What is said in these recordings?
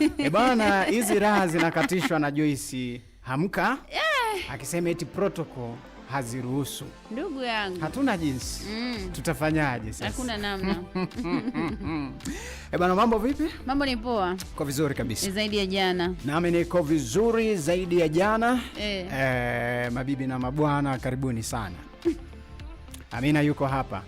E eh, bana, hizi raha zinakatishwa na Joyce Hamka yeah, akisema eti protocol haziruhusu. Ndugu yangu, hatuna jinsi mm. Tutafanyaje sasa? Hakuna namna. E mambo vipi? Mambo ni poa, kwa vizuri kabisa zaidi ya jana, nami niko vizuri zaidi ya jana eh. E, mabibi na mabwana, karibuni sana Amina yuko hapa,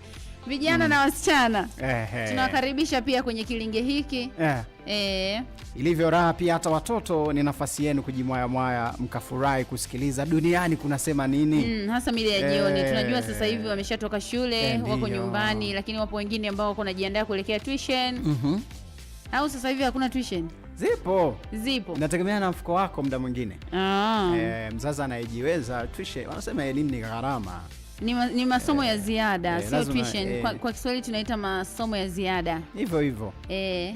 vijana mm. na wasichana eh, eh. Tunawakaribisha pia kwenye kilinge hiki eh e. Ilivyo raha pia, hata watoto ni nafasi yenu kujimwayamwaya, mkafurahi kusikiliza duniani kunasema nini, mm, hasa mida ya jioni eh. Tunajua sasa hivi wameshatoka shule Ndiyo. Eh, wako nyumbani, lakini wapo wengine ambao wako najiandaa kuelekea tuition mm -hmm. au sasa hivi hakuna tuition Zipo, zipo, nategemea na mfuko wako. Muda mwingine e, mzazi anayejiweza tuition, wanasema elimu ni gharama, ni, ma, ni masomo e, ya ziada e, sio tuition e. Kwa, kwa Kiswahili tunaita masomo ya ziada hivyo hivyo e.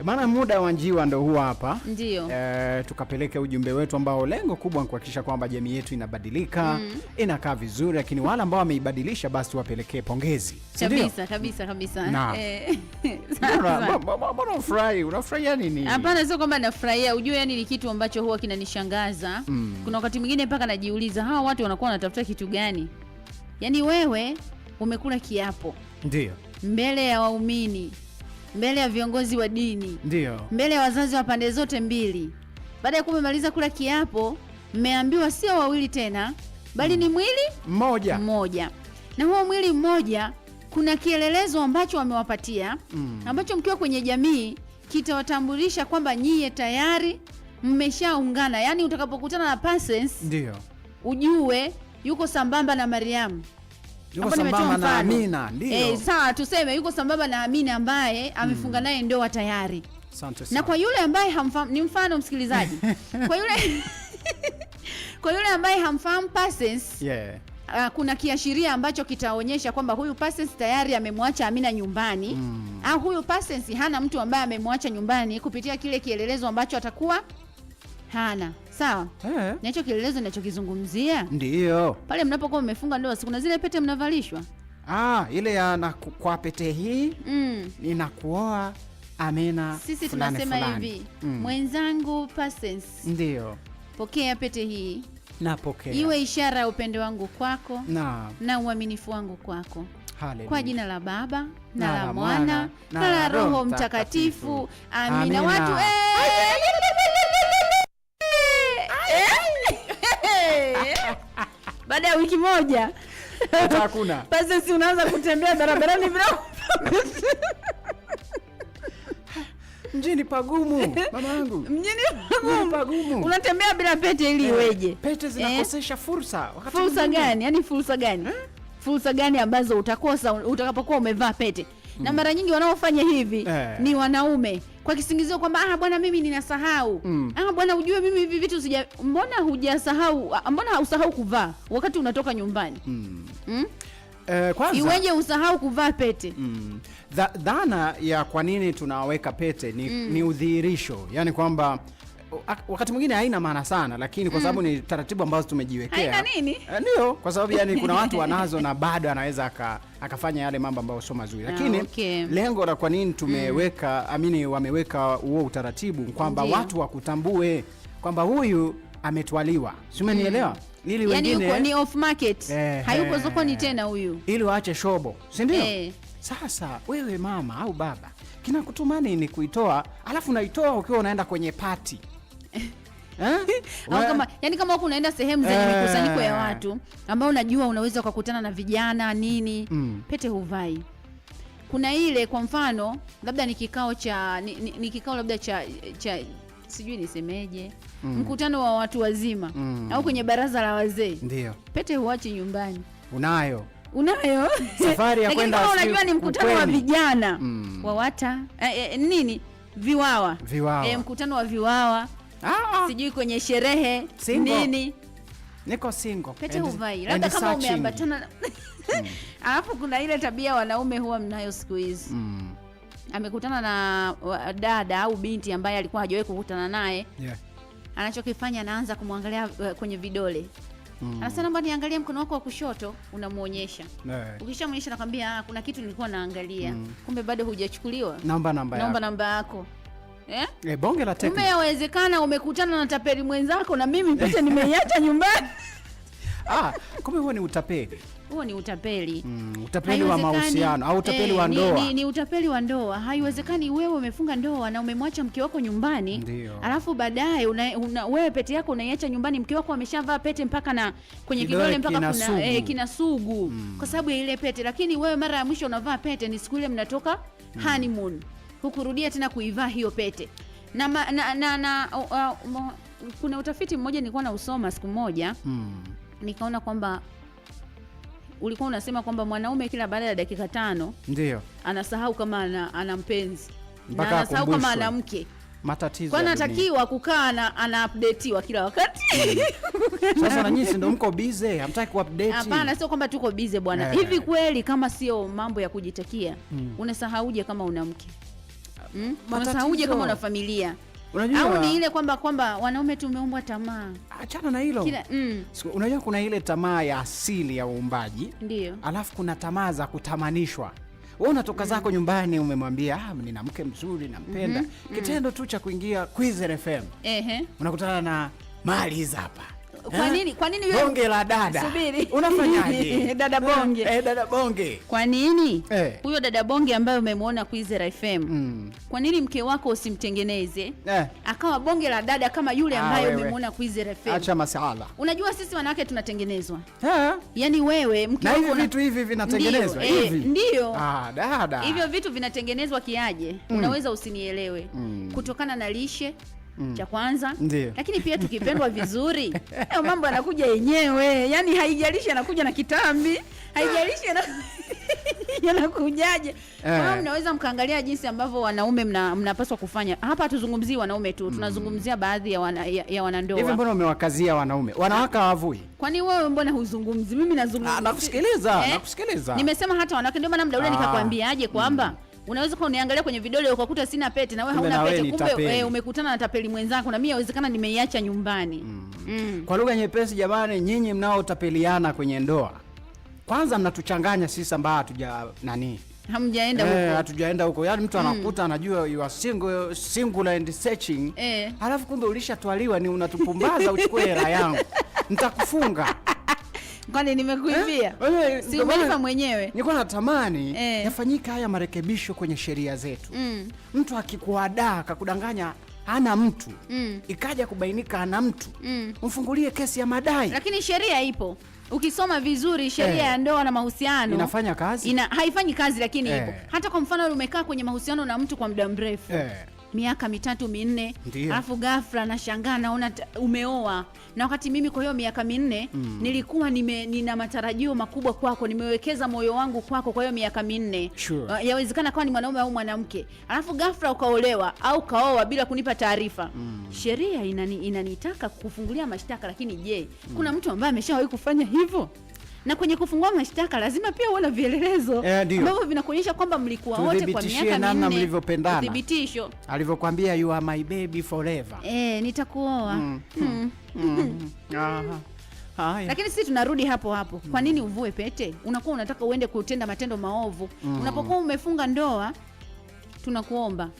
E, maana muda wa njiwa ndo huwa hapa ndio, e, tukapeleke ujumbe wetu ambao lengo kubwa ni kuhakikisha kwamba jamii yetu inabadilika mm, inakaa vizuri, lakini wale ambao wameibadilisha basi tuwapelekee pongezi. Kabisa kabisa kabisa. Eh. Unafurahia nini? Hapana, sio kwamba nafurahia, ujue yani ni kitu ambacho huwa kinanishangaza mm. Kuna wakati mwingine mpaka najiuliza hawa watu wanakuwa wanatafuta kitu gani? Yaani wewe umekula kiapo ndio mbele ya waumini mbele ya viongozi wa dini, ndio mbele ya wazazi wa pande zote mbili. Baada ya kumemaliza kula kiapo, mmeambiwa sio wawili tena, bali ni mwili mmoja mmoja, na huo mwili mmoja kuna kielelezo ambacho wamewapatia mm, ambacho mkiwa kwenye jamii kitawatambulisha kwamba nyie tayari mmeshaungana, yaani utakapokutana na Pasensi ndio ujue yuko sambamba na Mariamu sambamba na Amina eh, sawa tuseme yuko sambamba na Amina ambaye amefunga naye ndoa tayari na kwa yule ambaye hamfahamu, ni mfano msikilizaji, kwa yule kwa yule ambaye hamfahamu Parsons yeah. Uh, kuna kiashiria ambacho kitaonyesha kwamba huyu Parsons tayari amemwacha Amina nyumbani mm. au ah, huyu Parsons hana mtu ambaye amemwacha nyumbani kupitia kile kielelezo ambacho atakuwa Hana. Sawa. Eh. Nacho kielelezo ninachokizungumzia? ndio Pale mnapokuwa mmefunga ndoa, na zile pete mnavalishwa? Ah, ile ya na kwa pete hii mm. ninakuoa amena. Sisi tunasema hivi mm. mwenzangu ndio Pokea pete hii. Napokea. Iwe ishara ya upendo wangu kwako na, na uaminifu wangu kwako. Hallelujah. Kwa jina la Baba na, na la Mwana na la Roho Mtakatifu. Amina. Amina. Watu eh ya wiki moja hakuna basi si unaanza kutembea barabarani bro mjini pagumu, mama yangu, mjini pagumu, pagumu. Unatembea bila pete ili iweje? Eh, pete eh? zinakosesha eh, fursa. Wakati fursa gani? Yani fursa gani hmm? Fursa gani ambazo utakosa utakapokuwa umevaa pete hmm. Na mm. mara nyingi wanaofanya hivi eh, ni wanaume kwa kisingizio kwamba ah, bwana mimi ninasahau mm. ah, bwana ujue mimi hivi vitu sija, mbona hujasahau, mbona hausahau kuvaa wakati unatoka nyumbani mm. Mm? Eh, kwanza iweje usahau kuvaa pete mm. Dha, dhana ya kwa nini tunaweka pete ni, mm. ni udhihirisho yani kwamba wakati mwingine haina maana sana, lakini kwa hmm. sababu mm, ni taratibu ambazo tumejiwekea. Haina nini? Eh, ndio, kwa sababu yani kuna watu wanazo na bado anaweza aka, akafanya yale mambo ambayo sio mazuri, ah, lakini ah, okay. Lengo la kwa nini tumeweka mm, amini wameweka huo utaratibu kwamba watu wakutambue kwamba huyu ametwaliwa, si umenielewa? Hmm. Ili wengine yani ni off market, eh, eh hayuko eh, sokoni tena huyu, ili waache shobo, si ndio? Eh. Sasa wewe mama au baba, kinakutumani ni kuitoa, alafu naitoa ukiwa unaenda kwenye pati kama, eh? yani kama huko unaenda sehemu zenye eh. mikusanyiko ya watu ambao unajua unaweza ukakutana na vijana nini mm. Pete huvai. Kuna ile kwa mfano labda ni kikao cha ni, ni, ni kikao labda cha, cha sijui nisemeje mm. mkutano wa watu wazima mm. au kwenye baraza la wazee, ndio pete huachi nyumbani, unayo unayo safari ya kwenda, unajua ni mkutano wa vijana mm. wawata eh, eh, nini viwawa, viwawa. Eh, mkutano wa viwawa ah, ah. Sijui kwenye sherehe single. Nini niko single kama umeambatana mm. Alafu kuna ile tabia wanaume huwa mnayo siku hizi mm. Amekutana na dada au binti ambaye alikuwa hajawahi kukutana naye yeah. Anachokifanya anaanza kumwangalia eh, kwenye vidole mm. Anasema namba niangalie mkono wako wa kushoto, unamwonyesha yeah. Ukishamwonyesha nakwambia ah, kuna kitu nilikuwa naangalia mm. Kumbe bado hujachukuliwa, namba namba yako, naomba namba yako. Eh? Eh, bonge la tekno. Umewezekana umekutana na tapeli mwenzako na mimi pete nimeiacha nyumbani. Ah, kumbe huo ni utapeli. Huo ni utapeli. Mm, utapeli wa mahusiano au utapeli eh, wa ndoa. Ni, ni, ni utapeli wa ndoa. Haiwezekani wewe umefunga ndoa na umemwacha mke wako nyumbani. Ndiyo. Alafu baadaye una, una, wewe pete yako unaiacha nyumbani mke wako ameshavaa pete mpaka na kwenye kidole mpaka kina kuna sugu. Eh, kina sugu. Mm. Kwa sababu ya ile pete, lakini wewe mara ya mwisho unavaa pete ni siku ile mnatoka mm. honeymoon hukurudia tena kuivaa hiyo pete na, ma, na, na, na uh, uh, uh, kuna utafiti mmoja nilikuwa nausoma siku moja hmm. Nikaona kwamba ulikuwa unasema kwamba mwanaume kila baada ya dakika tano ndio anasahau kama ana, ana mpenzi na anasahau kama ana mke matatizo anatakiwa kukaa na anaupdateiwa kila wakati mm. Sasa na nyinyi ndio mko busy, hamtaki kuupdate. Hapana, sio kwamba tuko busy bwana eh. Hivi kweli kama sio mambo ya kujitakia mm. Unasahauje kama una mke Mm? Unasauje kama una familia. Unajua, au ni ile kwamba kwamba wanaume tumeumbwa tamaa. Achana na hilo. Mm. Unajua kuna ile tamaa ya asili ya uumbaji. Ndio. Alafu kuna tamaa za kutamanishwa. Wewe unatoka zako mm. nyumbani umemwambia ah, nina mke mzuri nampenda. Mm -hmm. Kitendo tu cha kuingia Kwizera FM. Ehe. Unakutana na mali hizi hapa. Kwa nini? Kwa nini wewe bonge la dada? Subiri. Unafanyaje? dada bonge. Eh, dada bonge. Kwa nini? Eh. Huyo eh, dada bonge ambaye umemwona Kwizera FM. Mm. Kwa nini mke wako usimtengeneze? Eh, akawa bonge la dada kama yule ah, ambaye ah, umemwona Kwizera FM. Acha masala. Unajua sisi wanawake tunatengenezwa. Eh. yani wewe mke wako na vitu hivi vinatengenezwa hivi. Eh, ndio. Ah, dada. Hivyo vitu vinatengenezwa kiaje? Mm. Unaweza usinielewe. Mm. Kutokana na lishe mm. cha kwanza Ndiyo. Lakini pia tukipendwa vizuri hayo mambo yanakuja yenyewe, yani haijalishi anakuja na kitambi, haijalishi yanakujaje yeah. Mnaweza mkaangalia jinsi ambavyo wanaume mnapaswa mna kufanya. Hapa hatuzungumzii wanaume tu, mm. tunazungumzia baadhi ya, wana, ya, ya wanandoa. Hivi mbona umewakazia wanaume? Wanawake hawavui? Kwani wewe mbona huzungumzi? Mimi nazungumza, ah, nakusikiliza, eh? nakusikiliza. Nimesema hata wanawake, ndio maana muda ule ah. nikakwambiaje kwamba mm unaweza kwa uniangalia kwenye vidole ukakuta sina pete na wewe hauna pete, kumbe e, umekutana na tapeli mwenzako, na mimi inawezekana nimeiacha nyumbani. mm. Mm. Kwa lugha nyepesi, jamani, nyinyi mnaotapeliana kwenye ndoa, kwanza mnatuchanganya sisi ambao hatuja nani hamjaenda eh, huko eh, hatujaenda huko. Yaani mtu mm. anakuta mm. anajua you are single single and searching eh. Alafu kumbe ulishatwaliwa, ni unatupumbaza uchukue hela yangu nitakufunga Kwani nimekuibia? Eh, eh, eh, si umelipa mwenyewe. Nilikuwa natamani eh, yafanyika haya marekebisho kwenye sheria zetu mm. Mtu akikuadaa akakudanganya ana mtu mm. Ikaja kubainika ana mtu mm. mfungulie kesi ya madai, lakini sheria ipo ukisoma vizuri sheria ya eh, ndoa na mahusiano inafanya kazi ina, haifanyi kazi lakini eh, ipo hata kwa mfano umekaa kwenye mahusiano na mtu kwa muda mrefu eh miaka mitatu minne, alafu ghafla nashangaa naona umeoa, na wakati mimi kwa hiyo miaka minne mm. nilikuwa nime, nina matarajio makubwa kwako, nimewekeza moyo wangu kwako kwa hiyo miaka minne sure. Uh, yawezekana kawa ni mwanaume au mwanamke, alafu ghafla ukaolewa au kaoa bila kunipa taarifa mm. sheria inani, inanitaka kufungulia mashtaka, lakini je, mm. kuna mtu ambaye ameshawahi kufanya hivyo? na kwenye kufungua mashtaka lazima pia uwe na vielelezo eh, ambavyo yeah, vinakuonyesha kwamba mlikuwa wote kwa miaka minne, mlivyopendana, thibitisho alivyokuambia you are my baby forever, eh, nitakuoa mm. mm. mm. Haya. Lakini sisi tunarudi hapo hapo. Kwa nini uvue pete? Unakuwa unataka uende kutenda matendo maovu. Mm. Unapokuwa umefunga ndoa tunakuomba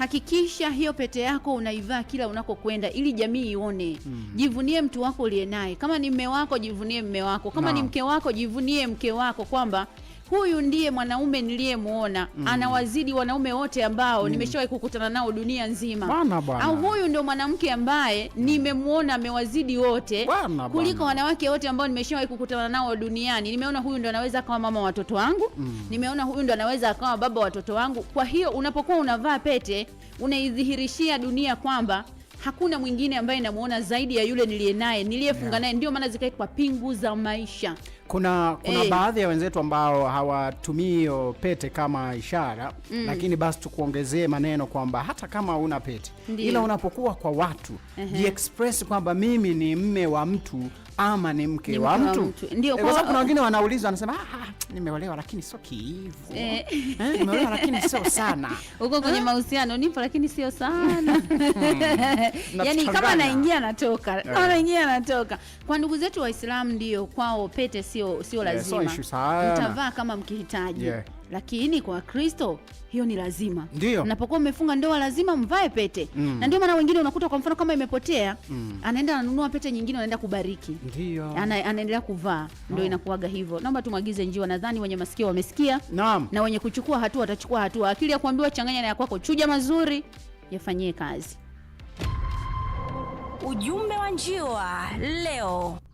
hakikisha hiyo pete yako unaivaa kila unakokwenda, ili jamii ione. mm -hmm. Jivunie mtu wako uliye naye, kama ni mme wako jivunie mme wako, kama no. ni mke wako jivunie mke wako kwamba huyu ndiye mwanaume niliyemwona mm. anawazidi wanaume wote ambao mm. nimeshawahi kukutana nao dunia nzima bana bana. Au huyu ndio mwanamke ambaye mm. nimemwona amewazidi wote bana. kuliko wanawake wote ambao nimeshawahi kukutana nao duniani. Nimeona huyu ndo anaweza akawa mama watoto wangu mm. nimeona huyu ndo anaweza akawa baba watoto wangu. Kwa hiyo unapokuwa unavaa pete, unaidhihirishia dunia kwamba hakuna mwingine ambaye namuona zaidi ya yule niliye naye niliyefunga naye, yeah. Ndio maana zikawekwa pingu za maisha kuna, kuna e. baadhi ya wenzetu ambao hawatumii hiyo pete kama ishara mm, lakini basi tukuongezee maneno kwamba hata kama una pete Ndiyo, ila unapokuwa kwa watu jiexpress uh -huh, kwamba mimi ni mme wa mtu ama ni mke, wa mtu, Ndio, eh, kwa sababu kuna wengine wanauliza wanasema ah, ah, nimeolewa lakini sio kiivu eh, eh nimeolewa lakini sio sana huko kwenye eh? mahusiano nipo lakini sio sana hmm. yani kama anaingia anatoka, anaingia anatoka. Kwa ndugu zetu Waislamu ndio kwao pete si sio sio lazima yeah, mtavaa kama mkihitaji yeah. Lakini kwa Kristo hiyo ni lazima. Ndio napokuwa mmefunga ndoa lazima mvae pete mm. Na ndio maana wengine unakuta kwa mfano kama imepotea mm. Anaenda ananunua pete nyingine, anaenda kubariki, ndio ana, anaendelea kuvaa ndo Ndio inakuwaga hivyo. Naomba tumwagize njiwa, nadhani wenye masikio wamesikia. Naam. Na wenye kuchukua hatua watachukua hatua. Akili ya kuambiwa changanya na ya kwako, chuja mazuri yafanyie kazi. Ujumbe wa njiwa leo.